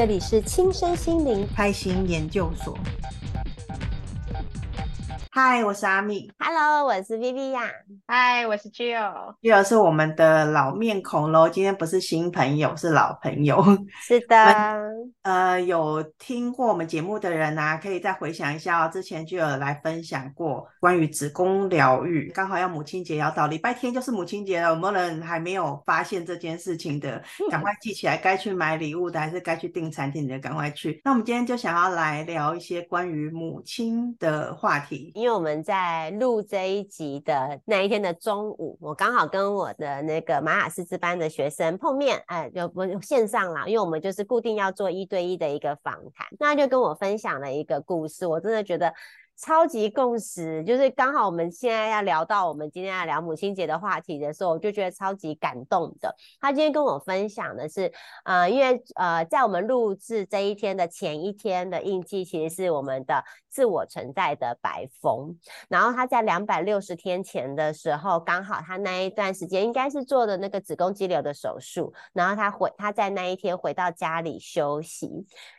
這裡是輕身心靈開心研究所。嗨，我是阿蜜。Hello，我是 Viviya。嗨，我是 Jill。Jill 是我們的老面孔嘍，今天不是新朋友，是老朋友。是的。呃，有聽過我們節目的人呢、啊，可以再回想一下哦，之前就有來分享過關於子宮療癒，剛好要母親節，要到禮拜天就是母親節了，有沒有人還沒有發現這件事情的？趕快記起來，該去買禮物的，還是該去訂餐廳的，趕快去。那我們今天就想要來聊一些關於母親的話題，因為我們在錄這一集的那一天的中午，我剛好跟我的那個馬雅師資班的學生碰面，哎，就不線上了，因為我們就是固定要做一堆。唯一的一個訪談，那就跟我分享了一個故事，我真的覺得超級共識，就是剛好我們現在要聊到我們今天要聊母親節的話題的時候，我就覺得超級感動的。他今天跟我分享的是，呃，因為呃，在我們錄製這一天的前一天的印記，其實是我們的。自我存在的白風，然後他在兩百六十天前的時候，剛好他那一段時間應該是做的那個子宮肌瘤的手術，然後他回他在那一天回到家裡休息，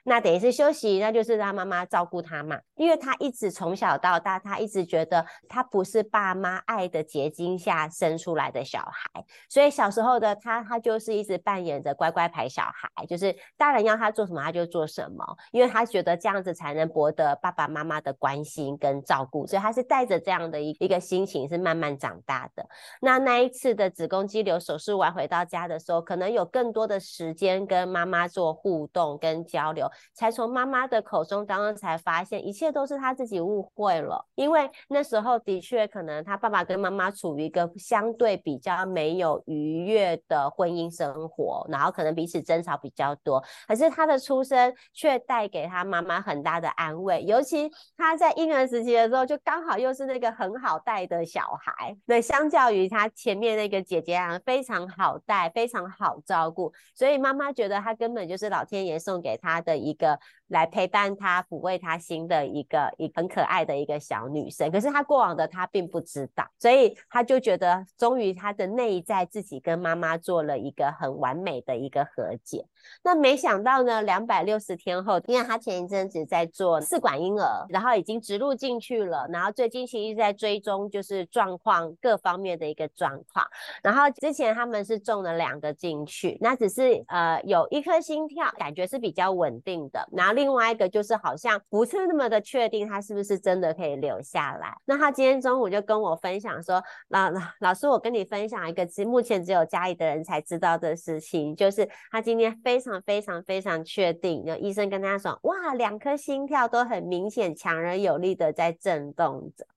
那等於是休息，那就是讓媽媽照顧他嘛，因為他一直從小到大，他一直覺得他不是爸媽愛的結晶下生出來的小孩，所以小時候的他，他就是一直扮演着乖乖牌小孩，就是大人要他做什麼他就做什麼，因為他覺得這樣子才能博得爸爸媽媽。媽媽的關心跟照顧，所以他是帶着這樣的一個心情是慢慢長大的。那那一次的子宮肌瘤手術完回到家的時候，可能有更多的時間跟媽媽做互動跟交流，才從媽媽的口中當中才發現，一切都是他自己誤會了。因為那時候的確可能他爸爸跟媽媽處於一個相對比較沒有愉悅的婚姻生活，然後可能彼此爭吵比較多，可是他的出生卻帶給他媽媽很大的安慰，尤其他在嬰兒時期的時候，就剛好又是那個很好帶的小孩，對，相較於他前面那個姐姐啊，非常好帶，非常好照顧，所以媽媽覺得他根本就是老天爺送給他的一個。來陪伴她，撫慰她心的一個一個很可愛的一個小女生，可是她過往的她並不知道，所以她就覺得，終於她的內在自己跟媽媽做了一個很完美的一個和解。那沒想到呢，兩百六十天後，因為她前一陣子在做試管嬰兒，然後已經植入進去了，然後最近其實一直在追蹤，就是狀況各方面的一個狀況。然後之前他們是種了兩個進去，那只是呃有一顆心跳感覺是比較穩定的，然後。另外一個就是好像不是那麼的確定，他是不是真的可以留下來？那他今天中午就跟我分享說：“老老老師，我跟你分享一個，其實目前只有家裡的人才知道的事情，就是他今天非常非常非常確定。那醫生跟大家說，哇，兩顆心跳都很明顯，強而有力的在震動着。”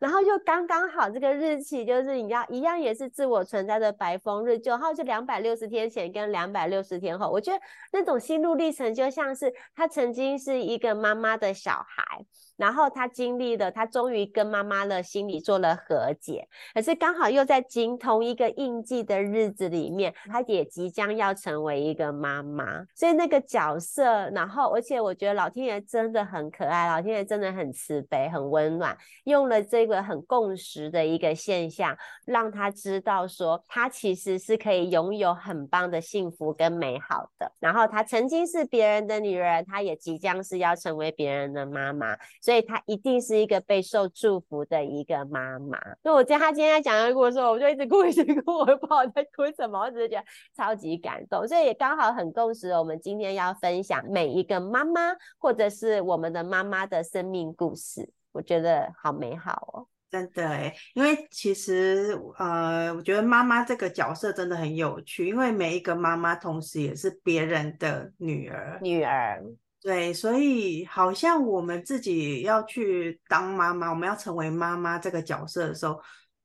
然後就剛剛好，這個日期就是你要一樣，也是自我存在的白風日。九號就兩百六十天前跟兩百六十天後，我覺得那種心路歷程就像是他曾經是一個媽媽的小孩。然後他經歷了，他終於跟媽媽的心裡做了和解。可是剛好又在經同一個印記的日子裡面，他也即將要成為一個媽媽，所以那個角色，然後而且我覺得老天爺真的很可愛，老天爺真的很慈悲、很溫暖，用了這個很共識的一個現象，讓他知道說他其實是可以擁有很棒的幸福跟美好的。然後他曾經是別人的女人，他也即將是要成為別人的媽媽。所以她一定是一個備受祝福的一個媽媽。所以我在她今天講的故事，我就一直哭，一直哭，我不知道我在哭什麼，我只是覺得超級感動。所以也剛好很共識我們今天要分享每一個媽媽，或者是我們的媽媽的生命故事，我覺得好美好哦，真的哎。因為其實呃，我覺得媽媽這個角色真的很有趣，因為每一個媽媽同時也是別人的女兒，女兒。對，所以好像我們自己要去當媽媽，我們要成為媽媽這個角色的時候，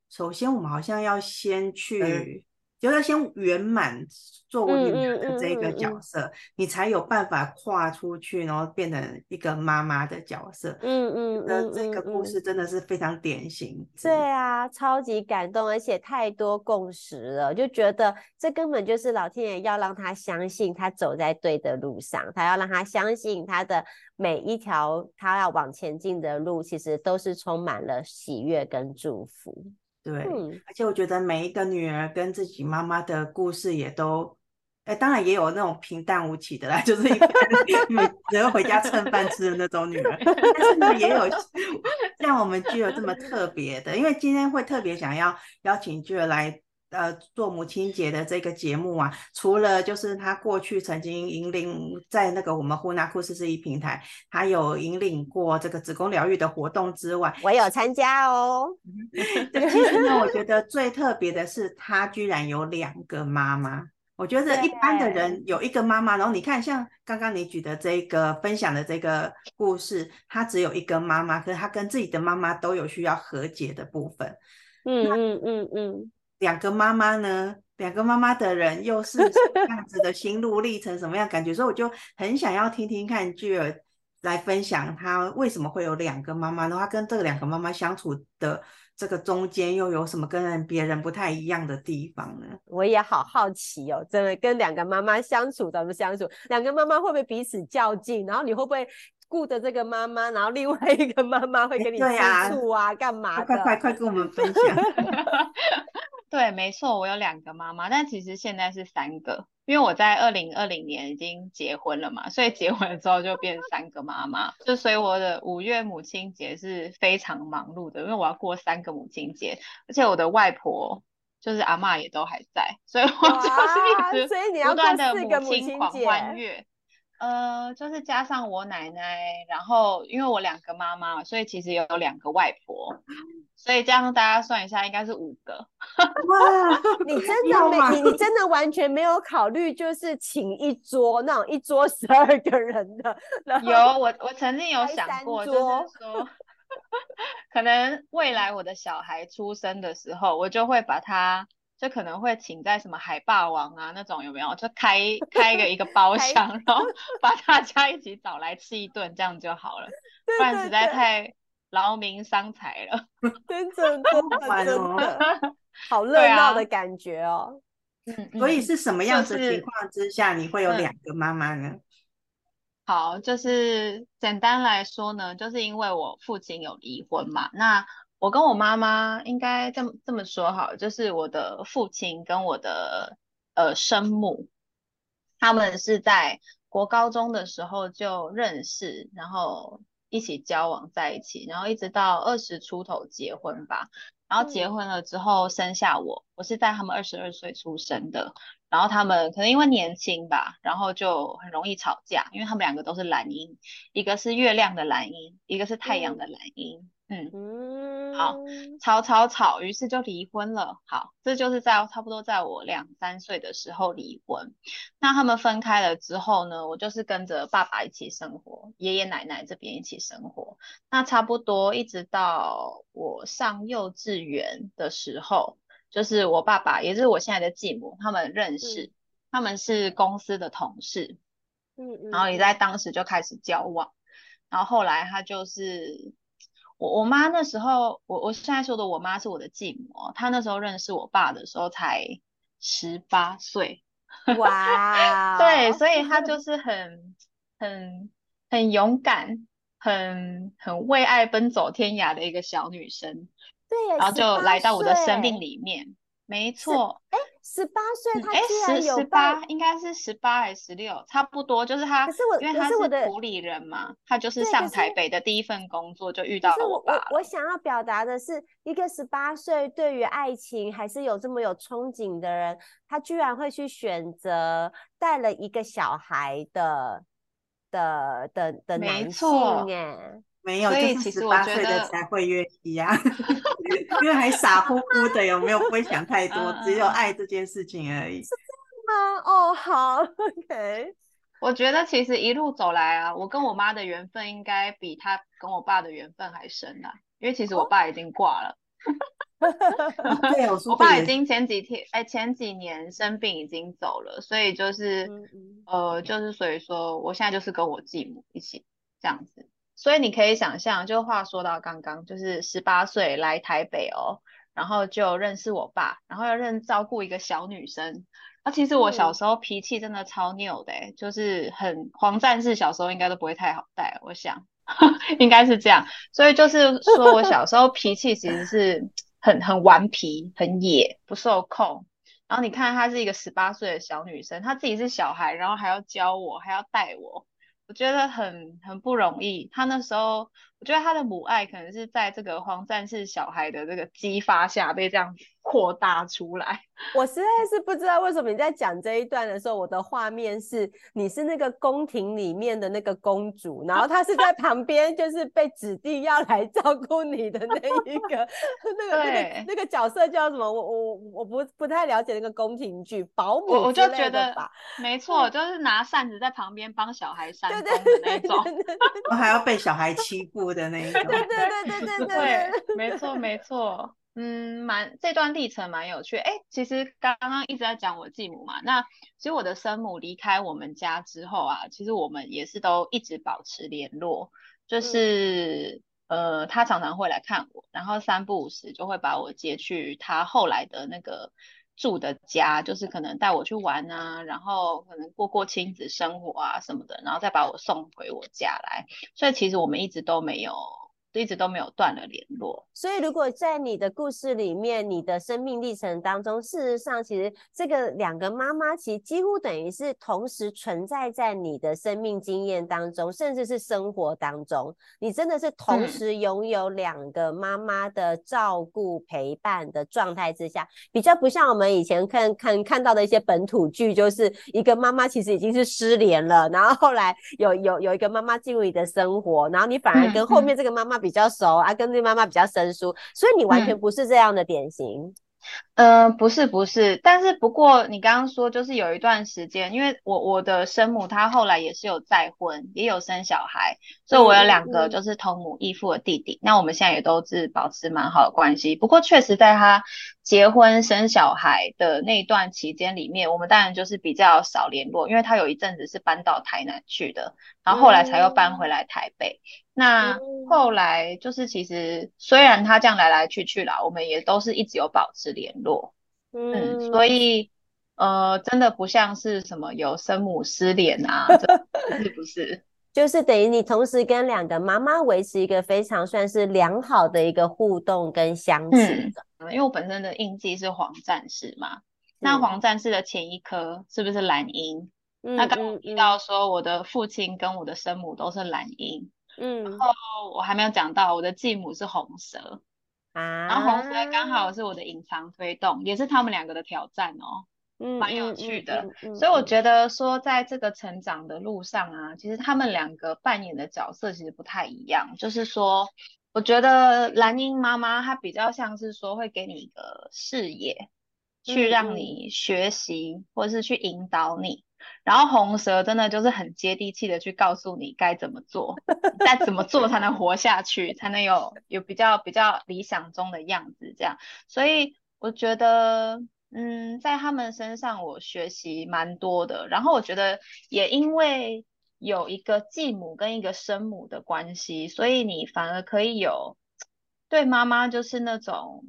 首先我們好像要先去。嗯。就要先圓滿做女兒的這個角色，嗯嗯嗯嗯、你才有辦法跨出去，然後變成一個媽媽的角色。嗯嗯嗯，嗯嗯嗯，那這個故事真的是非常典型。嗯嗯嗯、對啊，超級感動，而且太多共識了，就覺得這根本就是老天爺要讓他相信，他走在對的路上，他要讓他相信他的每一條他要往前進的路，其實都是充滿了喜悅跟祝福。對，嗯、而且我覺得每一個女兒跟自己媽媽的故事也都，哎、欸，當然也有那種平淡無奇的啦，就是一個女人回家蹭飯吃的那種女兒，但是呢，也有像我們 j 有這麼特別的，因為今天會特別想要邀請 j u 來。呃，做母親節的這個節目啊，除了就是他過去曾經引領在那個我們呼納故事這一平台，他有引領過這個子宮療癒的活動之外，我有參加哦。 其實呢，我覺得最特別的是，他居然有兩個媽媽。我覺得一般的人有一個媽媽，對然後你看像剛剛你舉的這個分享的這個故事，他只有一個媽媽，可是他跟自己的媽媽都有需要和解的部分。嗯嗯嗯嗯。那嗯嗯嗯兩個媽媽呢？兩個媽媽的人又是什麼樣子的心路歷程？什麼樣的感覺？ 所以我就很想要聽聽看，Jill 來分享她為什麼會有兩個媽媽呢？她跟這兩個媽媽相處的這個中間又有什麼跟別人不太一樣的地方呢？我也好好奇哦，真的跟兩個媽媽相處怎麼相處？兩個媽媽會不會彼此較勁？然後你會不會顧着這個媽媽，然後另外一個媽媽會跟你相處啊？哎、啊幹嘛？快快快，快跟我們分享。 對，沒錯，我有兩個媽媽，但其實現在是三個，因為我在二零二零年已經結婚了嘛，所以結婚了之後就變三個媽媽。 就所以我的五月母親節是非常忙碌的，因為我要過三個母親節，而且我的外婆就是阿嬤也都還在，所以我就是一直不斷的，所以你要過四個母親狂歡月。呃，就是加上我奶奶，然後因為我兩個媽媽，所以其實有兩個外婆，所以這樣大家算一下，應該是五個。 哇，你真的你真的完全沒有考慮，就是請一桌哇那種一桌十二個人的。有，我我曾經有想過就是說，說三 可能未來我的小孩出生的時候，我就會把他。就可能會請在什麼海霸王啊那種有沒有？就開開一個一個包廂， 開 然後把大家一起找來吃一頓，這樣就好了。不然實在太勞民傷財了。真的，真的，哦。 真的，好熱鬧的感覺哦。嗯、啊。所以是什麼樣子情況之下、就是、你會有兩個媽媽呢、嗯？好，就是簡單來說呢，就是因為我父親有離婚嘛，嗯、那。我跟我媽媽應該這麼這麼說好，就是我的父親跟我的呃生母，他們是在國高中的時候就認識，然後一起交往在一起，然後一直到二十出頭結婚吧。然後結婚了之後生下我，嗯、我是在他們二十二歲出生的。然後他們可能因為年輕吧，然後就很容易吵架，因為他們兩個都是藍鷹，一個是月亮的藍鷹，一個是太陽的藍鷹、嗯嗯，好，吵吵吵，於是就離婚了。好，這就是在差不多在我兩三歲的時候離婚。那他們分開了之後呢，我就是跟着爸爸一起生活，爺爺奶奶這邊一起生活。那差不多一直到我上幼稚園的時候，就是我爸爸，也就是我現在的繼母，他們認識，嗯、他們是公司的同事，嗯，嗯，然後也在當時就開始交往。然後後來他就是。我我媽那時候，我我現在說的我媽是我的繼母。她那時候認識我爸的時候才十八歲，哇 ！Wow. 對，所以她就是很很很勇敢、很很為愛奔走天涯的一個小女生。對耶，然後就來到我的生命裡面。歲沒錯。哎。十八歲，他居然有、嗯、十,十八應該是十八還是十六，差不多就是他。可是我，可是我的因為他是我的福里人嘛，他就是上台北的第一份工作就遇到了，我爸了。對。可是我我我想要表達的是，一個十八歲對於愛情還是有這麼有憧憬的人，他居然會去選擇帶了一個小孩的的的的、的男性哎、啊。沒錯。沒有，所以其實八歲的才會願意呀， 因為還傻乎乎的， 有沒有不會想太多， 只有愛這件事情而已。是這嗎？哦，好，OK。我覺得其實一路走來啊，我跟我媽的緣分應該比她跟我爸的緣分還深啊，因為其實我爸已經掛了。 我爸已經前幾天，哎，前幾年生病已經走了，所以就是，呃，就是所以說，我現在就是跟我繼母一起這樣子。所以你可以想象，就話說到剛剛，就是十八歲來台北哦，然後就認識我爸，然後要認照顧一個小女生。那、啊、其實我小時候脾氣真的超拗的、欸，嗯、就是很黃戰士小時候應該都不會太好帶，我想， 應該是這樣。所以就是說我小時候脾氣其實是很 很頑皮、很野、不受控。然後你看她是一個十八歲的小女生，她自己是小孩，然後還要教我，還要帶我。我覺得很很不容易。他那時候，我覺得他的母愛可能是在這個黃戰士小孩的這個激發下被這樣子擴大出來，我實在是不知道為什麼你在講這一段的時候，我的畫面是你是那個宮廷裡面的那個公主，然後他是在旁邊，就是被指定要來照顧你的那一個， 那個對、那個、那個角色叫什麼？我我我不不太了解那個宮廷劇保姆，我就覺得沒錯，對就是拿扇子在旁邊幫小孩扇風對的那種，還要被小孩欺負的那一種，對， 對對對對對，沒錯沒錯。嗯，蠻這段歷程蠻有趣。哎，其實剛剛一直在講我繼母嘛，那其實我的生母離開我們家之後啊，其實我們也是都一直保持聯絡，就是、嗯、呃，她常常會來看我，然後三不五時就會把我接去她後來的那個住的家，就是可能帶我去玩啊，然後可能過過親子生活啊什麼的，然後再把我送回我家來。所以其實我們一直都沒有。一直都沒有斷了聯絡，所以如果在你的故事裡面，你的生命歷程當中，事實上，其實這個兩個媽媽其實幾乎等於是同時存在在你的生命經驗當中，甚至是生活當中，你真的是同時擁有兩個媽媽的照顧陪伴的狀態之下，嗯、比較不像我們以前看看看到的一些本土劇，就是一個媽媽其實已經是失聯了，然後後來有有有一個媽媽進入你的生活，然後你反而跟後面這個媽媽比、嗯。嗯比較熟、啊，跟自己媽媽比較生疏，所以你完全不是這樣的典型。嗯、呃，不是不是，但是不過你剛剛說就是有一段時間，因為我我的生母她後來也是有再婚，也有生小孩，所以我有兩個就是同母異父的弟弟。嗯、那我們現在也都是保持蠻好的關係。不過確實在她結婚生小孩的那段期間裡面，我們當然就是比較少聯絡，因為他有一陣子是搬到台南去的，然後後來才又搬回來台北。嗯、那後來就是其實雖然他這樣來來去去啦，我們也都是一直有保持聯絡，嗯，嗯，所以呃，真的不像是什麼有生母失聯啊， 這是不是？就是等於你同時跟兩個媽媽維持一個非常算是良好的一個互動跟相處、嗯、因為我本身的印記是黃戰士嘛，嗯、那黃戰士的前一顆是不是藍鷹？嗯、那剛剛提到說我的父親跟我的生母都是藍鷹，嗯，然後我還沒有講到我的繼母是紅蛇啊，嗯、然後紅蛇剛好是我的隱藏推動，啊、也是他們兩個的挑戰哦。嗯，蠻有趣的，嗯嗯嗯嗯、所以我覺得說，在這個成長的路上啊，其實他們兩個扮演的角色其實不太一樣。就是說，我覺得藍鷹媽媽她比較像是說，會給你一個視野，去讓你學習，或者是去引導你。嗯、然後紅蛇真的就是很接地氣的去告訴你該怎麼做，該 怎麼做才能活下去， 才能有有比較比較理想中的樣子這樣。所以我覺得。嗯，在他們身上我學習蠻多的，然後我覺得也因為有一個繼母跟一個生母的關係，所以你反而可以有對媽媽就是那種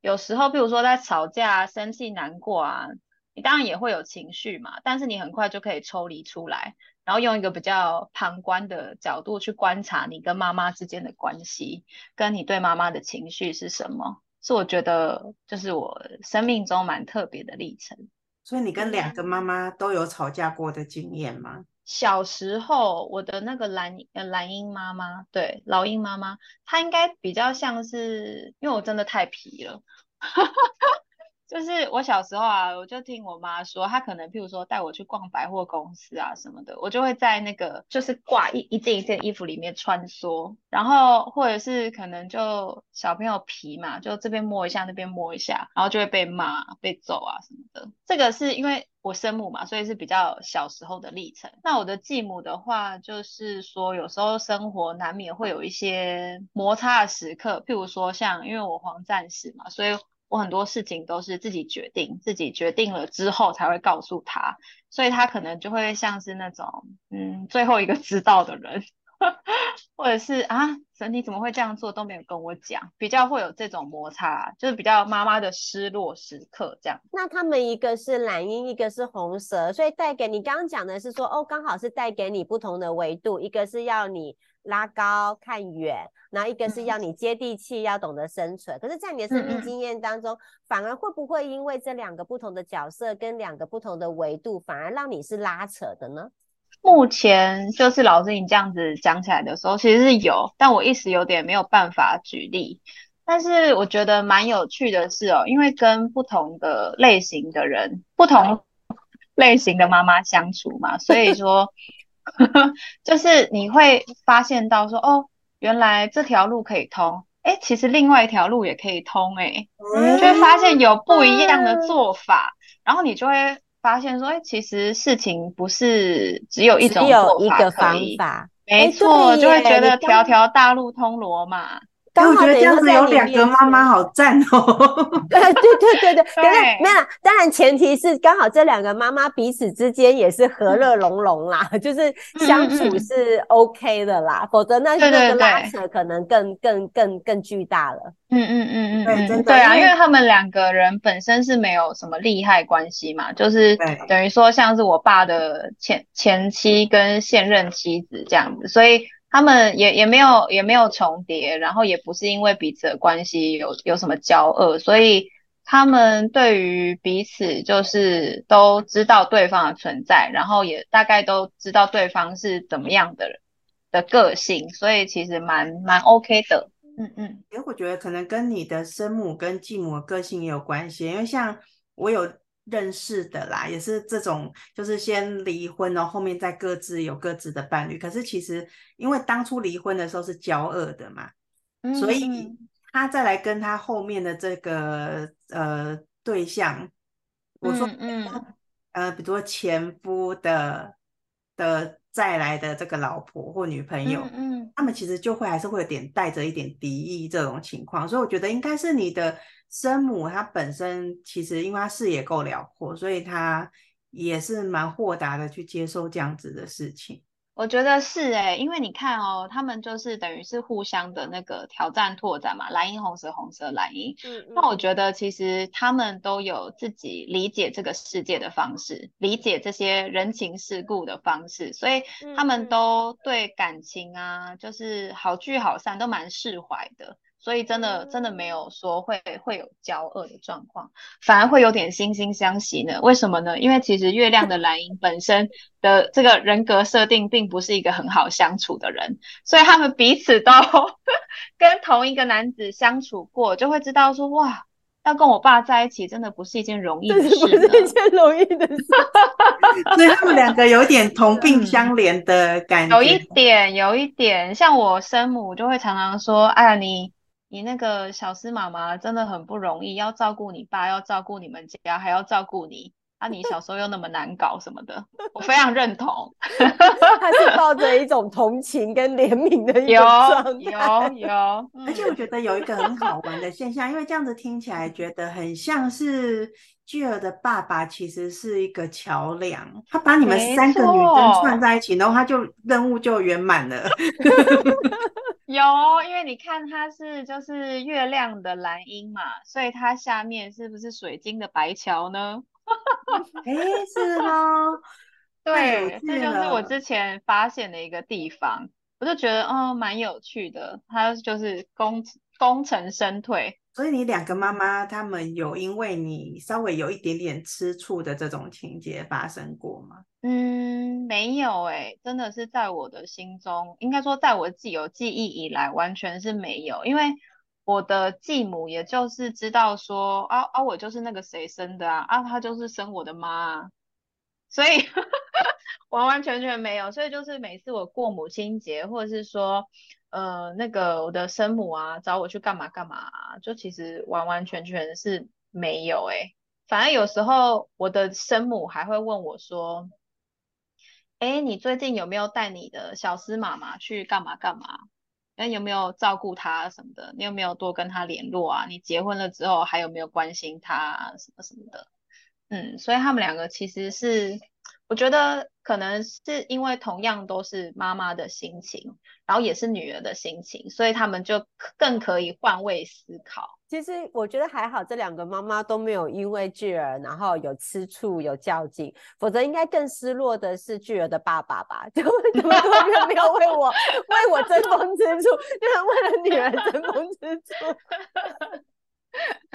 有時候，比如說在吵架、生氣、難過啊，你當然也會有情緒嘛，但是你很快就可以抽離出來，然後用一個比較旁觀的角度去觀察你跟媽媽之間的關係，跟你對媽媽的情緒是什麼。是我覺得，就是我生命中蠻特別的歷程。所以你跟兩個媽媽都有吵架過的經驗嗎？小時候我的那個藍呃藍鷹媽媽，對老鷹媽媽，她應該比較像是，因為我真的太皮了。 就是我小時候啊，我就聽我媽說，她可能譬如說帶我去逛百貨公司啊什麼的，我就會在那個就是掛一一件一件衣服裡面穿梭，然後或者是可能就小朋友皮嘛，就這邊摸一下那邊摸一下，然後就會被罵被揍啊什麼的。這個是因為我生母嘛，所以是比較小時候的歷程。那我的繼母的話，就是說有時候生活難免會有一些摩擦的時刻，譬如說像因為我黃戰士嘛，所以。我很多事情都是自己決定，自己決定了之後才會告訴他，所以他可能就會像是那種，嗯，最後一個知道的人， 或者是啊，神，你怎麼會這樣做都沒有跟我講？比較會有這種摩擦，就是比較媽媽的失落時刻這樣。那他們一個是藍鷹，一個是紅蛇，所以帶給你剛剛講的是說，哦，剛好是帶給你不同的維度，一個是要你。拉高看遠，然後一個是要你接地氣，嗯、要懂得生存。可是，在你的生命經驗當中，嗯、反而會不會因為這兩個不同的角色跟兩個不同的維度，反而讓你是拉扯的呢？目前就是老師，你這樣子講起來的時候，其實是有，但我一時有點沒有辦法舉例。但是我覺得蠻有趣的是哦，因為跟不同的類型的人、不同類型的媽媽相處嘛，所以說。 就是你會發現到說哦，原來這條路可以通，誒，其實另外一條路也可以通，誒，嗯、就會發現有不一樣的做法，嗯、然後你就會發現說，誒，其實事情不是只有一種做法，只有一個方法，沒錯，耶就會覺得條條大路通羅馬。媽媽哦欸、我覺得這樣子有兩個媽媽好讚哦！ 對對對對, 對，沒有，當然前提是剛好這兩個媽媽彼此之間也是和樂融融啦， 就是相處是 OK 的啦，嗯嗯否則那那個拉扯可能更對對對更更更,更巨大了。嗯,嗯嗯嗯嗯嗯，對,對啊，因為他們兩個人本身是沒有什麼利害關係嘛，對就是等於說像是我爸的前前妻跟現任妻子這樣子，所以。他們也也沒有也沒有重疊，然後也不是因為彼此的關係有有什麼交惡，所以他們對於彼此就是都知道對方的存在，然後也大概都知道對方是怎麼樣的的個性，所以其實蠻蠻 OK 的。嗯嗯，因為我覺得可能跟你的生母跟繼母個性也有關係，因為像我有。認識的啦，也是這種，就是先離婚咯，然後，後面再各自有各自的伴侶。可是其實，因為當初離婚的時候是交惡的嘛，嗯、所以他再來跟他後面的這個呃對象，我說嗯，嗯呃，比如說前夫的的。再來的這個老婆或女朋友，嗯嗯，他們其實就會還是會有點帶着一點敵意這種情況，所以我覺得應該是你的生母她本身其實因為她視野夠遼闊，所以她也是蠻豁達的去接受這樣子的事情。我覺得是哎、欸，因為你看哦，他們就是等於是互相的那個挑戰拓展嘛，藍鷹、紅色、紅色藍鷹。嗯，嗯，那我覺得其實他們都有自己理解這個世界的方式，理解這些人情世故的方式，所以他們都對感情啊，就是好聚好散都蠻釋懷的。所以真的真的沒有說會會有交惡的狀況，反而會有點惺惺相惜呢？為什麼呢？因為其實月亮的藍鷹本身的這個人格設定並不是一個很好相處的人，所以他們彼此都跟同一個男子相處過，就會知道說哇，要跟我爸在一起真的不是一件容易的事，不是一件容易的事， 所以他們兩個有點同病相憐的感覺，嗯、有一點有一點，像我生母就會常常說啊你。你那個小師媽媽真的很不容易，要照顧你爸，要照顧你們家，還要照顧你。啊，你小時候又那麼難搞什麼的，我非常認同，還 是抱着一種同情跟憐憫的一種有。有有有，嗯、而且我覺得有一個很好玩的現象， 因為這樣子聽起來覺得很像是 Jill 的爸爸，其實是一個橋樑，他把你們三個女生串在一起，錯然後他就任務就圓滿了。 有，因為你看它是就是月亮的藍鷹嘛，所以它下面是不是水晶的白鏡呢？哎、 欸，是嗎？對，這就是我之前發現的一個地方，我就覺得哦蠻有趣的，它就是功功成身退。所以你兩個媽媽，她們有因為你稍微有一點點吃醋的這種情節發生過嗎？嗯，沒有誒、欸，真的是在我的心中，應該說在我自有記憶以來，完全是沒有。因為我的繼母，也就是知道說啊啊，啊我就是那個誰生的啊啊，她就是生我的媽、啊，所以 完完全全沒有。所以就是每次我過母親節，或者是說。呃，那個我的生母啊，找我去幹嘛幹嘛、啊，就其實完完全全是沒有哎、欸。反而有時候我的生母還會問我說：“哎，你最近有沒有帶你的小絲媽媽去幹嘛幹嘛？你、嗯、有沒有照顧她、啊、什麼的？你有沒有多跟她聯絡啊？你結婚了之後還有沒有關心她、啊、什麼什麼的？”嗯，所以他們兩個其實是。我覺得可能是因為同樣都是媽媽的心情，然後也是女兒的心情，所以他們就更可以換位思考。其實我覺得還好，這兩個媽媽都沒有因為女兒然後有吃醋有較勁，否則應該更失落的是女兒的爸爸吧？就為什麼沒有為我 為我爭風吃醋，因為,為了女兒爭風吃醋？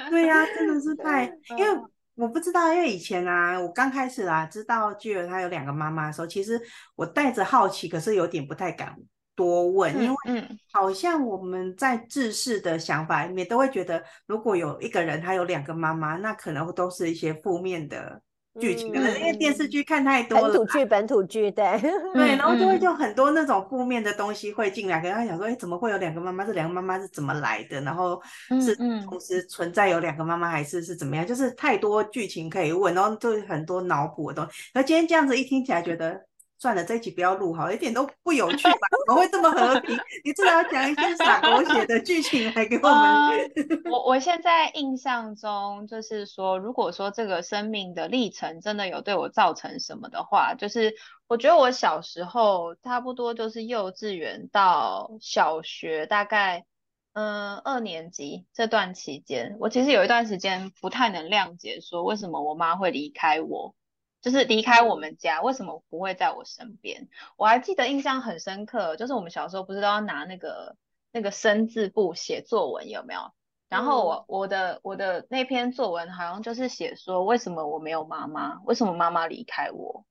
對呀、啊，真的是太 因為。我不知道，因為以前啊，我剛開始啊知道 Jill 他有兩個媽媽的時候，其實我帶着好奇，可是有點不太敢多問，嗯嗯。因為好像我們在制式的想法裡面都會覺得，如果有一個人他有兩個媽媽，那可能都是一些負面的。劇情，可能因為電視劇看太多了，本土劇本土劇對對，然後就會就很多那種負面的東西會進來，跟他講說，哎，怎麼會有兩個媽媽？這兩個媽媽是怎麼來的？然後是同時存在有兩個媽媽，還是是怎麼樣？就是太多劇情可以問，然後就很多腦補的東西。而今天這樣子一聽起來，覺得。算了，這一集不要錄好，一點都不有趣吧？ 怎麼會這麼和平？你至少要講一些灑狗血的劇情來給我們，嗯。 我我現在印象中，就是說，如果說這個生命的歷程真的有對我造成什麼的話，就是我覺得我小時候差不多就是幼稚園到小學，大概嗯二年級這段期間，我其實有一段時間不太能諒解，說為什麼我媽會離開我。就是離開我們家，為什麼不會在我身邊？我還記得印象很深刻，就是我們小時候不是都要拿那個那個生字簿寫作文有沒有？然後我的、嗯、我的我的那篇作文好像就是寫說為什麼我沒有媽媽，為什麼媽媽離開我？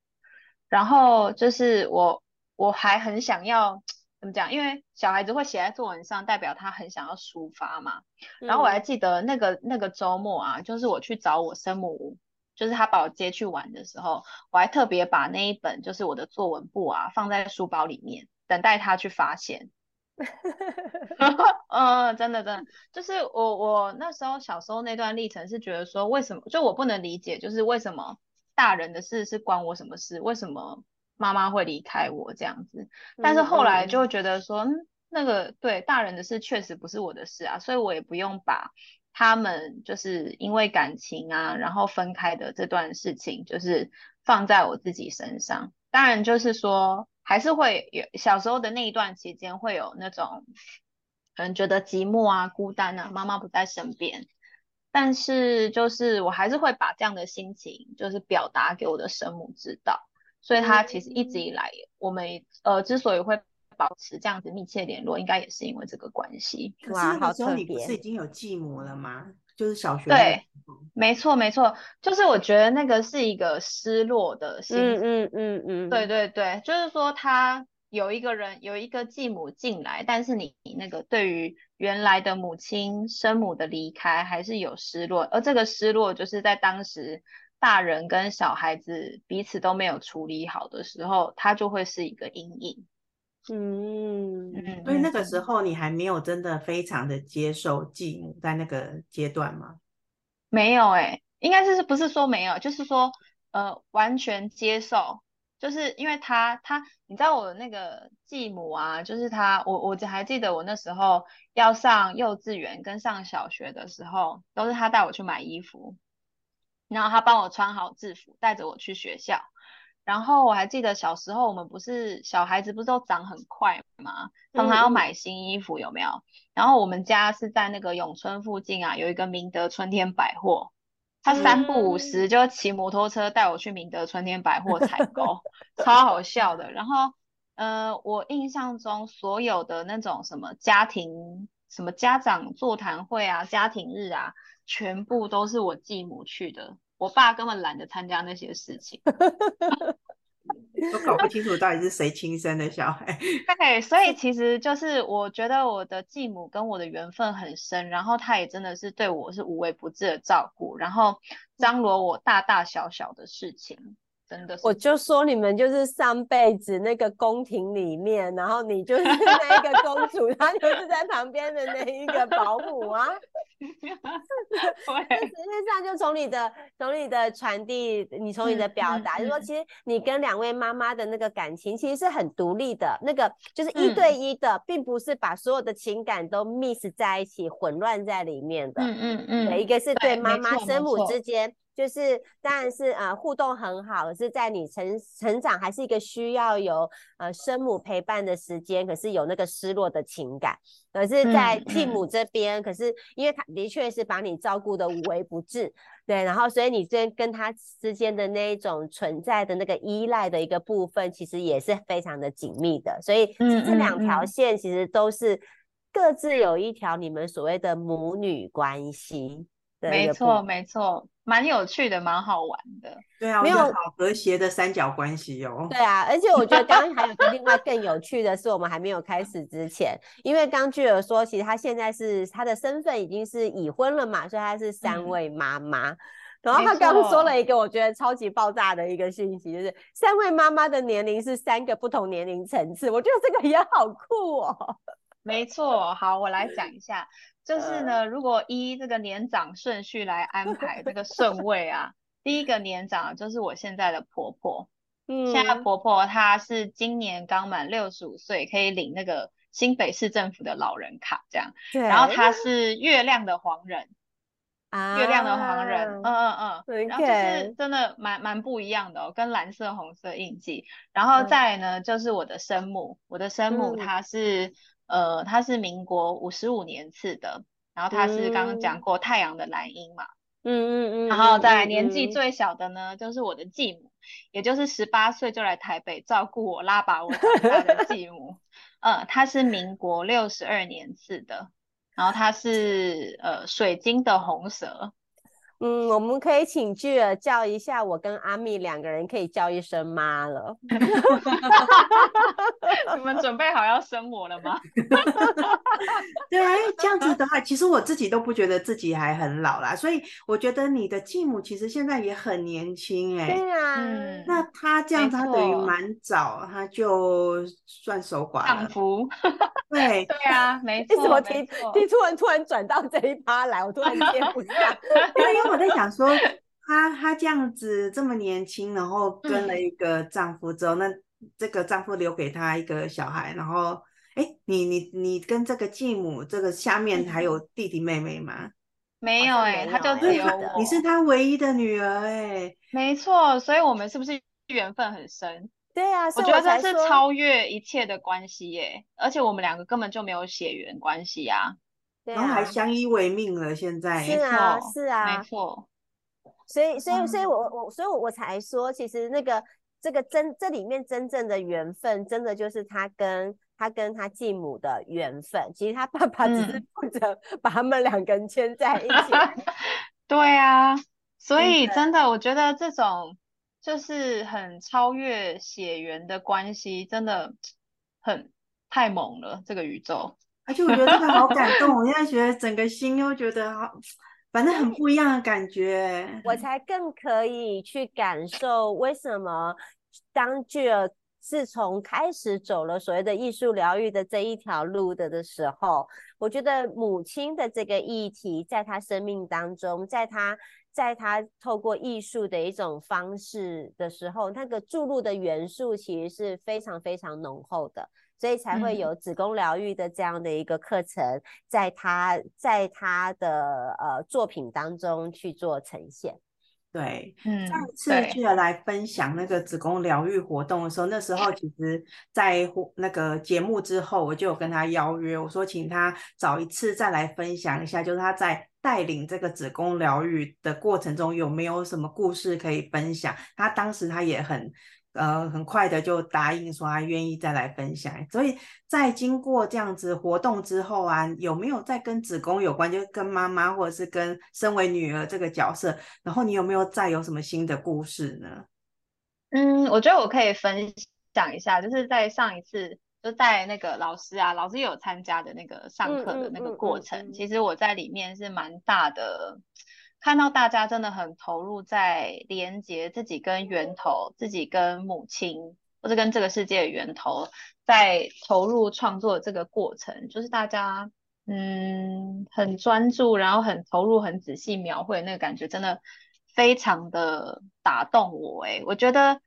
然後就是我我還很想要怎麼講，因為小孩子會寫在作文上，代表他很想要抒發嘛。然後我還記得那個那個周末啊，就是我去找我生母。就是他把我接去玩的時候，我還特別把那一本就是我的作文簿啊放在書包裡面，等待他去發現。 呃、真的，真的，就是我我那時候小時候那段歷程是覺得說，為什麼就我不能理解，就是為什麼大人的事是關我什麼事？為什麼媽媽會離開我這樣子？但是後來就覺得說，嗯、哼那個對，大人的事確實不是我的事啊，所以我也不用把。他們就是因為感情啊，然後分開的這段事情，就是放在我自己身上。當然，就是說還是會有小時候的那一段期間，會有那種可能覺得寂寞啊、孤單啊，媽媽不在身邊。但是，就是我還是會把這樣的心情，就是表達給我的生母知道。所以，他其實一直以來，我們呃之所以會。保持這樣子密切聯絡，應該也是因為這個關係。哇，好，那時候你不是已經有繼母了嗎？就是小學，對，沒錯沒錯，就是我覺得那個是一個失落的心、嗯。嗯嗯嗯嗯，嗯對對對，就是說他有一個人有一個繼母進來，但是你那個對於原來的母親生母的離開還是有失落，而這個失落就是在當時大人跟小孩子彼此都沒有處理好的時候，它就會是一個陰影。嗯，所以、嗯、那個時候你還沒有真的非常的接受繼母在那個階段嗎？沒有哎、欸，應該是不是說沒有，就是說呃完全接受，就是因為他他，你知道我那個繼母啊，就是他，我我只還記得我那時候要上幼稚園跟上小學的時候，都是他帶我去買衣服，然後他幫我穿好制服，帶着我去學校。然後我還記得小時候，我們不是小孩子，不是都長很快嗎？他們還他要買新衣服，嗯、有沒有？然後我們家是在那個永春附近啊，有一個明德春天百貨，他三不五時就騎摩托車帶我去明德春天百貨採購，嗯、 超好笑的。然後，呃，我印象中所有的那種什麼家庭、什麼家長座談會啊、家庭日啊，全部都是我繼母去的。我爸根本懶得參加那些事情，都 搞不清楚到底是誰親生的小孩。 對，所以其實就是我覺得我的繼母跟我的緣分很深，然後她也真的是對我是無微不至的照顧，然後張羅我大大小小的事情。我就說你們就是上輩子那個宮廷裡面，然後你就是那一個公主，然後你們是在旁邊的那一個保姆啊。那 實際上就從你的從你的傳遞，你從你的表達，嗯嗯、就是說其實你跟兩位媽媽的那個感情其實是很獨立的，那個就是一對一的，嗯、並不是把所有的情感都 miss 在一起，混亂在裡面的。嗯嗯嗯。一個是對媽媽生母之間。就是，當然是啊，呃，互動很好，是在你成成長還是一個需要有呃生母陪伴的時間，可是有那個失落的情感，可是，在繼母這邊，嗯、可是因為他的確是把你照顧得無微不至，對，然後所以你這跟他之間的那一種存在的那個依賴的一個部分，其實也是非常的緊密的，所以這兩條線其實都是各自有一條你們所謂的母女關係。嗯嗯嗯。沒錯，沒錯，蠻有趣的，蠻好玩的。有對啊，沒有好和諧的三角關係哦。對啊，而且我覺得剛剛還有另外更有趣的是，我們還沒有開始之前， 因為剛 Jill 說，其實他現在是他的身份已經是已婚了嘛，所以他是三位媽媽。嗯、然後他剛說了一個我覺得超級爆炸的一個信息，就是三位媽媽的年齡是三個不同年齡層次，我覺得這個也好酷哦。沒錯，好，我來想一下。就是呢，如果依這個年長順序來安排這個順位啊， 第一個年長就是我現在的婆婆。嗯，現在的婆婆她是今年剛滿六十五歲，可以領那個新北市政府的老人卡這樣。對。然後她是月亮的黃人。 月亮的黃人，ah, 嗯嗯嗯。Okay. 然後就是真的蠻蠻不一樣的哦，跟藍色、紅色印記。然後再呢，嗯、就是我的生母，我的生母她是。嗯呃，他是民國五十五年次的，然後他是剛剛講過太陽的藍鷹嘛，嗯嗯嗯，然後在年紀最小的呢，就是我的繼母，也就是十八歲就來台北照顧我，拉拔我長大的繼母， 呃，他是民國六十二年次的，然後他是呃水晶的紅蛇。嗯，我們可以請巨兒叫一下，我跟阿蜜兩個人可以叫一聲媽了。你們準備好要生我了嗎？ 對啊，因為這樣子的話，其實我自己都不覺得自己還很老啦，所以我覺得你的繼母其實現在也很年輕哎、欸。對啊，嗯、錯那她這樣子，她等於蠻早，她就算守寡了。上福 對對啊，沒錯。 你怎麼提聽錯突然突然轉到這一趴來，我突然接不下，因 我在想說，她她這樣子這麼年輕，然後跟了一個丈夫之後、嗯、那這個丈夫留給她一個小孩，然後，哎、欸，你你你跟這個繼母這個下面還有弟弟妹妹嗎？沒有哎、欸，哇欸、他就只有我，你是他唯一的女兒哎、欸，沒錯，所以我們是不是緣分很深？對呀、啊，是我，我覺得這是超越一切的關係耶、欸，而且我們兩個根本就沒有血緣關係呀、啊。啊、然後還相依為命了，現在是啊，錯是啊，沒錯。所以，所以，所以我，嗯、我，所以，我才說，其實那個，這個真這裡面真正的緣分，真的就是他跟他跟他繼母的緣分。其實他爸爸只是負責、嗯、把他們兩個人牽在一起。 對啊，所以真的，真的，真的我覺得這種就是很超越血緣的關係，真的很太猛了，這個宇宙。 而且我覺得這個好感動，我現在覺得整個心又覺得好，反正很不一樣的感覺。 我才更可以去感受為什麼當 Jill 自從開始走了所謂的藝術療癒的這一條路的的時候，我覺得母親的這個議題在她生命當中，在她。在他透過藝術的一種方式的時候，那個注入的元素其實是非常非常濃厚的，所以才會有子宮療癒的這樣的一個課程，在他，在他的呃作品當中去做呈現。對，嗯，上次記得來分享那個子宮療癒活動的時候，嗯，那時候其實，在那個節目之後，我就有跟他邀約，我說請他找一次再來分享一下，就是他在帶領這個子宮療癒的過程中有沒有什麼故事可以分享？他當時他也很。呃，很快的就答應說啊，願意再來分享。所以在經過這樣子活動之後啊，有沒有再跟子宮有關，就是、跟媽媽或者是跟身為女兒這個角色，然後你有沒有再有什麼新的故事呢？嗯，我覺得我可以分享一下，就是在上一次就在那個老師啊，老師有參加的那個上課的那個過程，嗯嗯嗯嗯、其實我在裡面是蠻大的。看到大家真的很投入，在連接自己跟源頭、自己跟母親，或者跟這個世界的源頭，在投入創作的這個過程，就是大家嗯很專注，然後很投入，很仔細描繪那個感覺，真的非常的打動我。誒，我覺得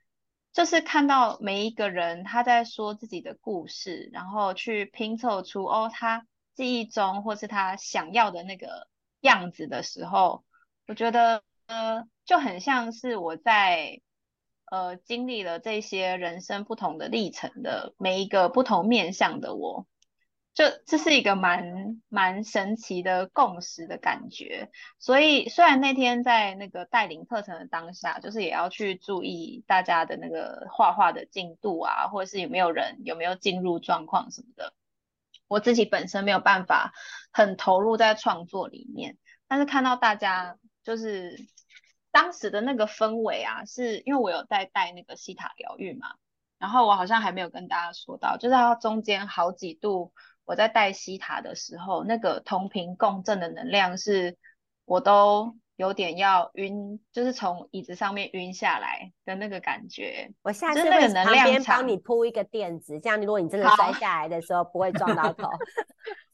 就是看到每一個人他在說自己的故事，然後去拼湊出哦他記憶中或是他想要的那個樣子的時候，我覺得，呃，就很像是我在，呃，經歷了這些人生不同的歷程的每一個不同面向的我，就這是一個蠻蠻神奇的共識的感覺。所以，雖然那天在那個帶領課程的當下，就是也要去注意大家的那個畫畫的進度啊，或者是有沒有人有沒有進入狀況什麼的，我自己本身沒有辦法很投入在創作裡面，但是看到大家，就是當時的那個氛圍啊，是因為我有在帶那個西塔療癒嘛，然後我好像還沒有跟大家說到，就是它中間好幾度我在帶西塔的時候，那個同頻共振的能量是，我都有點要暈，就是從椅子上面暈下來的那個感覺。我下次那個能量，幫你鋪一個墊子， 這樣如果你真的摔下來的時候好不會撞到頭。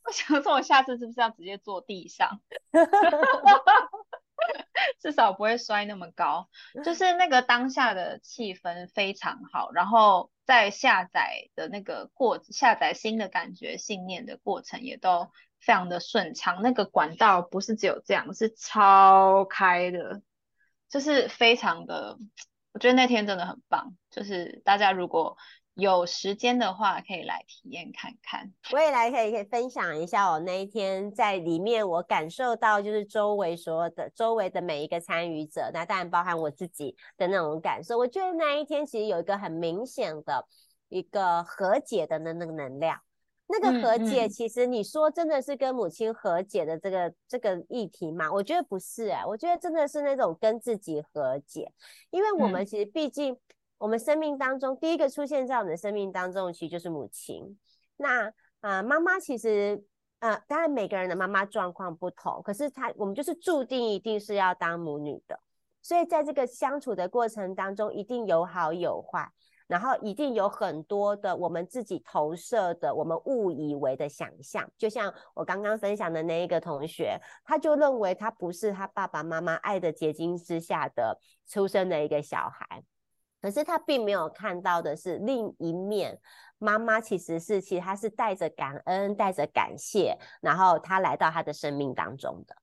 我想說，我下次是不是要直接坐地上？ 至少不會摔那麼高，就是那個當下的氣氛非常好，然後在下載的那個過下載新的感覺、信念的過程也都非常的順暢，那個管道不是只有這樣，是超開的，就是非常的，我覺得那天真的很棒，就是大家如果。有時間的話可以來體驗看看，我也來可以可以分享一下我那一天在裡面，我感受到就是周圍所有的周圍的每一個參與者，那當然包含我自己的那種感受。我覺得那一天其實有一個很明顯的一個和解的那那個能量，那個和解其實你說真的是跟母親和解的這個這個議題嗎？我覺得不是、啊，我覺得真的是那種跟自己和解，因為我們其實畢竟、嗯。畢竟我們生命當中第一個出現在我們的生命當中，其實就是母親。那啊、呃，媽媽其實呃，當然每個人的媽媽狀況不同，可是她我們就是注定一定是要當母女的。所以在這個相處的過程當中，一定有好有壞，然後一定有很多的我們自己投射的、我們誤以為的想象。就像我剛剛分享的那一個同學，他就認為他不是他爸爸媽媽愛的結晶之下的出生的一個小孩。可是他並沒有看到的是另一面，媽媽其實是，其實他是帶着感恩、帶着感謝，然後他來到他的生命當中的。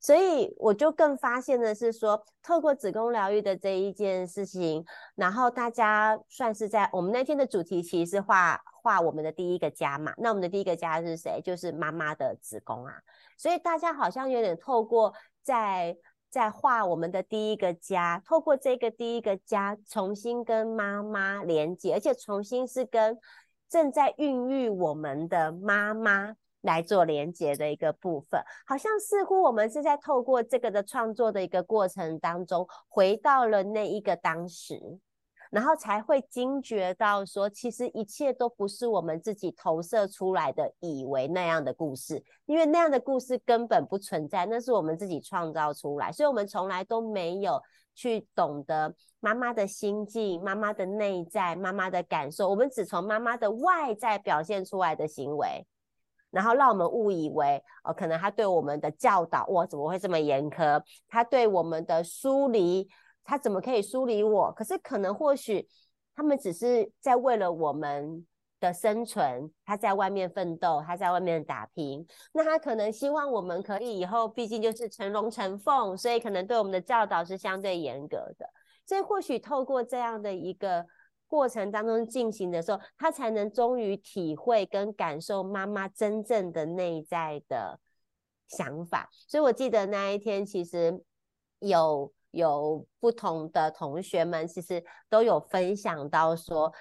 所以我就更發現的是說，透過子宮療癒的這一件事情，然後大家算是在我們那天的主題，其實是畫畫我們的第一個家嘛。那我們的第一個家是誰？就是媽媽的子宮啊。所以大家好像有點透過在在畫我們的第一個家，透過這個第一個家，重新跟媽媽連接，而且重新是跟正在孕育我們的媽媽來做連接的一個部分，好像似乎我們是在透過這個的創作的一個過程當中，回到了那一個當時。然後才會驚覺到說，其實一切都不是我們自己投射出來的，以為那樣的故事，因為那樣的故事根本不存在，那是我們自己創造出來。所以，我們從來都沒有去懂得媽媽的心境、媽媽的內在、媽媽的感受，我們只從媽媽的外在表現出來的行為，然後讓我們誤以為哦，可能她對我們的教導，哇，怎麼會這麼嚴苛？她對我們的疏離。他怎麼可以疏離我？可是可能或許，他們只是在為了我們的生存，他在外面奮鬥，他在外面打拼。那他可能希望我們可以以後，畢竟就是成龍成鳳，所以可能對我們的教導是相對嚴格的。所以或許透過這樣的一個過程當中進行的時候，他才能終於體會跟感受媽媽真正的內在的想法。所以我記得那一天，其實有。有不同的同學們，其實都有分享到說，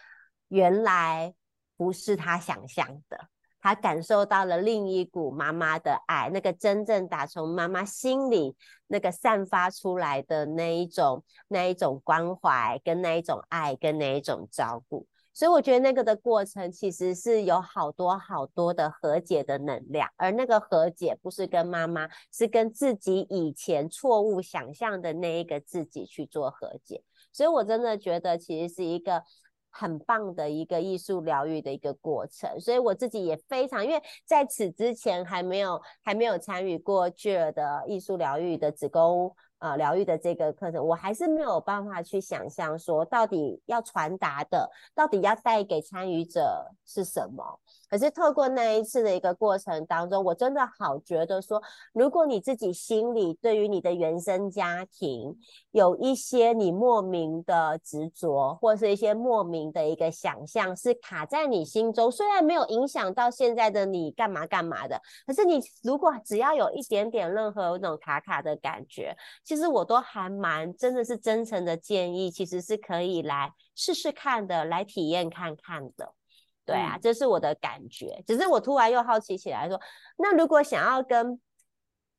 原來不是他想象的，他感受到了另一股媽媽的愛，那個真正打從媽媽心裡那個散發出來的那一種、那一種關懷，跟那一種愛，跟那一種照顧。所以我覺得那個的過程其實是有好多好多的和解的能量，而那個和解不是跟媽媽，是跟自己以前錯誤想象的那一個自己去做和解。所以我真的覺得其實是一個很棒的一個藝術療癒的一個過程。所以我自己也非常，因為在此之前還沒有，還沒有參與過 Jill 的藝術療癒的子宮。啊，療癒的這個課程，我還是沒有辦法去想象，說到底要傳達的，到底要帶給參與者是什麼。可是透過那一次的一個過程當中，我真的好覺得說，如果你自己心裡對於你的原生家庭有一些你莫名的執着，或是一些莫名的一個想象，是卡在你心中，雖然沒有影響到現在的你幹嘛幹嘛的，可是你如果只要有一點點任何那種卡卡的感覺，其實我都還蠻真的是真誠的建議，其實是可以來試試看的，來體驗看看的。對啊，這是我的感覺。嗯、只是我突然又好奇起來，說，那如果想要跟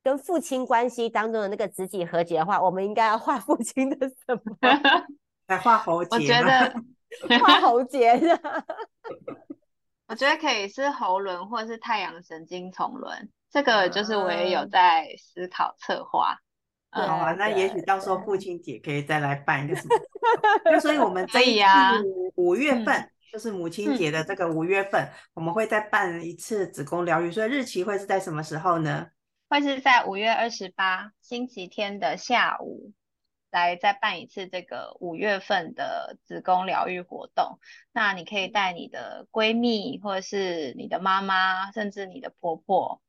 跟父親關係當中的那個自己和解的話，我們應該要畫父親的什麼？ 來畫喉結？我覺得 畫喉結。 我覺得可以是喉輪，或是太陽神經叢輪。這個就是我也有在思考策劃。嗯嗯、好啊，對那也許到時候父親節可以再來辦一個什麼？那 所以我們這一五月份，嗯。就是母親節的這個五月份，嗯，我們會再辦一次子宮療癒，所以日期會是在什麼時候呢？會是在五月二十八星期天的下午，來再辦一次這個五月份的子宮療癒活動。那你可以帶你的閨蜜，或者是你的媽媽，甚至你的婆婆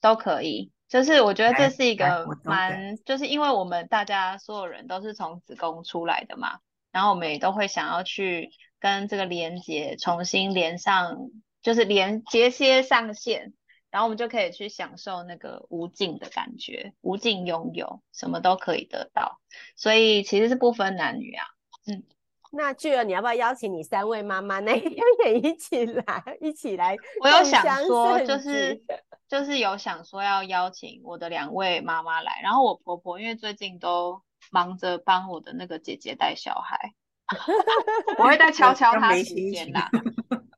都可以。就是我覺得這是一個蠻，就是因為我們大家所有人都是從子宮出來的嘛，然後我們也都會想要去。跟這個連接重新連上，就是連結些上線，然後我們就可以去享受那個無盡的感覺，無盡擁有，什麼都可以得到。所以其實是不分男女啊。嗯，那 Jill，你要不要邀請你三位媽媽哪一天也一起來， 一起來？我有想說，就是 就是有想說要邀請我的兩位媽媽來，然後我婆婆因為最近都忙着幫我的那個姐姐帶小孩。 我會再敲敲他時間啦。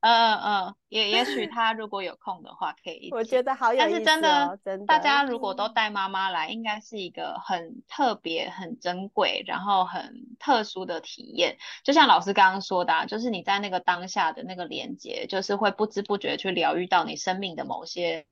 嗯嗯，也也許他如果有空的話，可以。我覺得好有意思但是、哦、真的，大家如果都帶媽媽來，應該是一個很特別、很珍貴、然後很特殊的體驗。就像老師剛剛說的、啊，就是你在那個當下的那個連接，就是會不知不覺去療癒到你生命的某些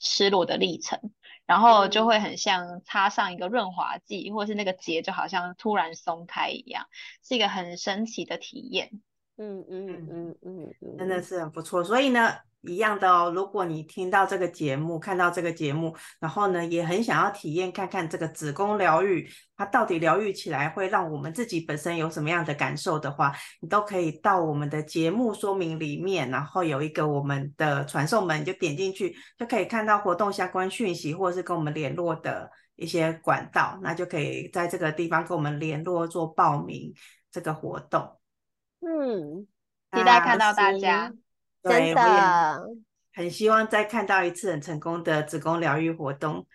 失落的歷程。然後就會很像擦上一個潤滑劑，或是那個結就好像突然鬆開一樣，是一個很神奇的體驗。嗯嗯嗯嗯，嗯嗯嗯嗯嗯，真的是很不錯。所以呢。一樣的哦，如果你聽到這個節目，看到這個節目，然後呢，也很想要體驗看看這個子宮療癒，它到底療癒起來會讓我們自己本身有什麼樣的感受的話，你都可以到我們的節目說明裡面，然後有一個我們的傳送門，你就點進去，就可以看到活動相關訊息，或是跟我們聯絡的一些管道，那就可以在這個地方跟我們聯絡做報名這個活動。嗯，期待看到大家。啊對真的很希望再看到一次很成功的子宮療癒活動。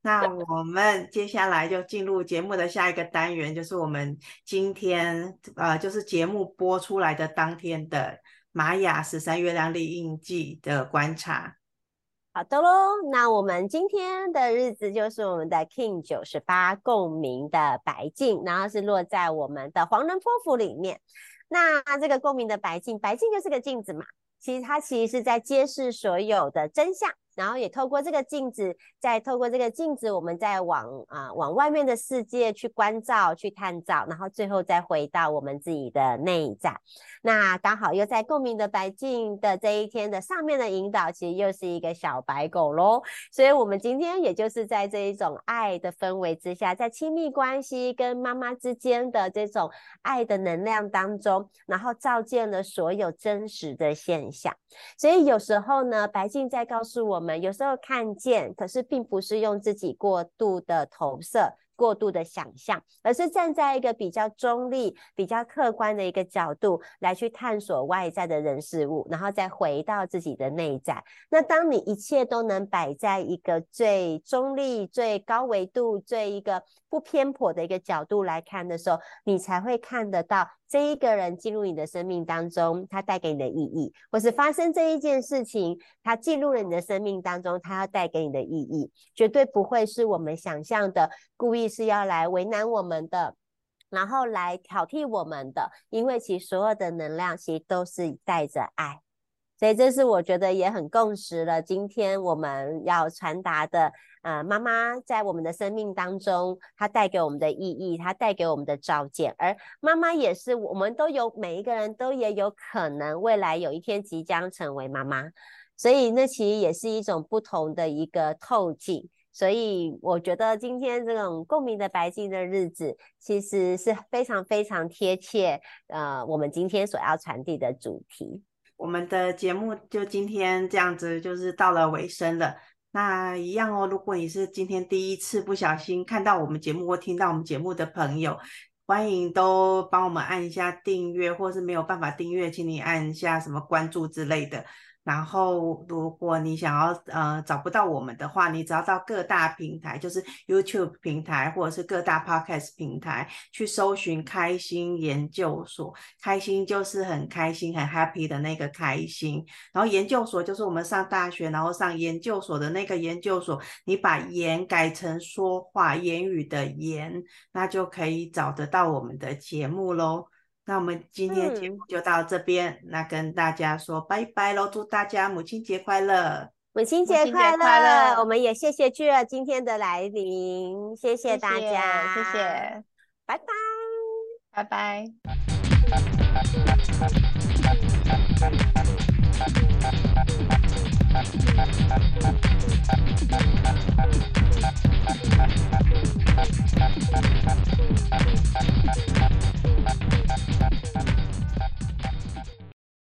那我們接下來就進入節目的下一個單元， 就是我們今天呃，就是節目播出來的當天的瑪雅十三月亮曆印記的觀察。好的嘍，那我們今天的日子就是我們的 King 九十八共鳴的白鏡，然後是落在我們的黃人波符裡面。那這個共鳴的白鏡，白鏡就是個鏡子嘛。其實他其實是在揭示所有的真相。然後也透過這個鏡子，再透過這個鏡子，我們再往啊、呃、往外面的世界去觀照、去探照，然後最後再回到我們自己的內在。那剛好又在共鳴的白鏡的這一天的上面的引導，其實又是一個小白狗咯。所以，我們今天也就是在這一種愛的氛圍之下，在親密關係跟媽媽之間的這種愛的能量當中，然後照見了所有真實的現象。所以有時候呢，白鏡在告訴我們。有時候看見，可是並不是用自己過度的投射、過度的想象，而是站在一個比較中立、比較客觀的一個角度來去探索外在的人事物，然後再回到自己的內在。那當你一切都能擺在一個最中立、最高維度、最一個。不偏頗的一個角度來看的時候，你才會看得到這一個人進入你的生命當中，他帶給你的意義，或是發生這一件事情，他進入了你的生命當中，他要帶給你的意義，絕對不會是我們想象的故意是要來為難我們的，然後來挑剔我們的。因為其實所有的能量其實都是帶着愛，所以這是我覺得也很共識了。今天我們要傳達的。呃，媽媽在我們的生命當中，她帶給我們的意義，她帶給我們的照見，而媽媽也是我們都有，每一個人都也有可能未來有一天即將成為媽媽，所以那其實也是一種不同的一個透鏡。所以我覺得今天這種共鳴的白鏡的日子，其實是非常非常貼切，呃，我們今天所要傳遞的主題。我們的節目就今天這樣子，就是到了尾聲了。那一樣哦，如果你是今天第一次不小心看到我們節目或聽到我們節目的朋友，歡迎都幫我們按一下訂閱，或是沒有辦法訂閱，請你按一下什麼關注之類的。然後，如果你想要呃找不到我們的話，你只要到各大平台，就是 YouTube 平台或者是各大 Podcast 平台去搜尋“開心研究所”。開心就是很開心、很 Happy 的那個開心，然後研究所就是我們上大學然後上研究所的那個研究所。你把“言”改成說話、言語的“言”，那就可以找得到我們的節目嘍。那我們今天的節目就到這邊，那、嗯、跟大家說拜拜嘍！祝大家母親節快樂，母親節快樂！快樂，我們也謝謝 Jill 今天的來臨，謝謝大家，謝謝，謝謝拜拜，拜拜。